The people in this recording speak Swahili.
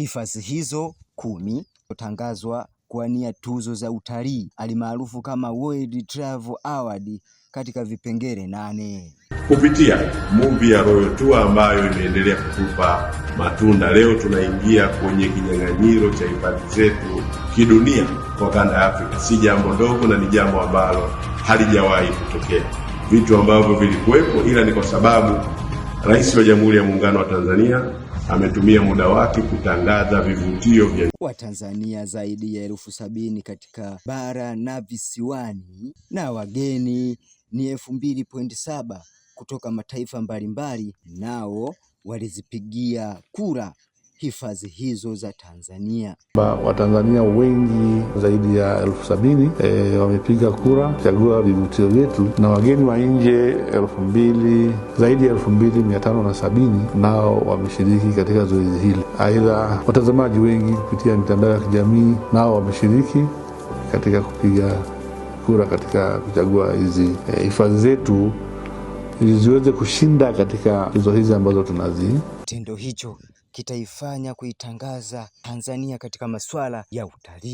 Hifadhi hizo kumi hutangazwa kuwania tuzo za utalii alimaarufu kama World Travel Award katika vipengele nane kupitia muvi ya Royal Tour ambayo imeendelea kutupa matunda. Leo tunaingia kwenye kinyang'anyiro cha hifadhi zetu kidunia kwa kanda ya Afrika. Si jambo dogo na ni jambo ambalo halijawahi kutokea, vitu ambavyo vilikuwepo, ila ni kwa sababu Rais wa Jamhuri ya Muungano wa Tanzania ametumia muda wake kutangaza vivutio vya tanzania zaidi ya elfu sabini katika bara na visiwani na wageni ni elfu mbili pointi saba kutoka mataifa mbalimbali nao walizipigia kura hifadhi hizo za Tanzania. Watanzania wengi zaidi ya elfu sabini e, wamepiga kura kuchagua vivutio vyetu na wageni wa nje elfu mbili zaidi ya elfu mbili mia tano na sabini nao wameshiriki katika zoezi hili. Aidha, watazamaji wengi kupitia mitandao ya kijamii nao wameshiriki katika kupiga kura katika kuchagua hizi eh, hifadhi e, zetu ili ziweze kushinda katika hizo hizi ambazo tunazi. Kitendo hicho kitaifanya kuitangaza Tanzania katika masuala ya utalii.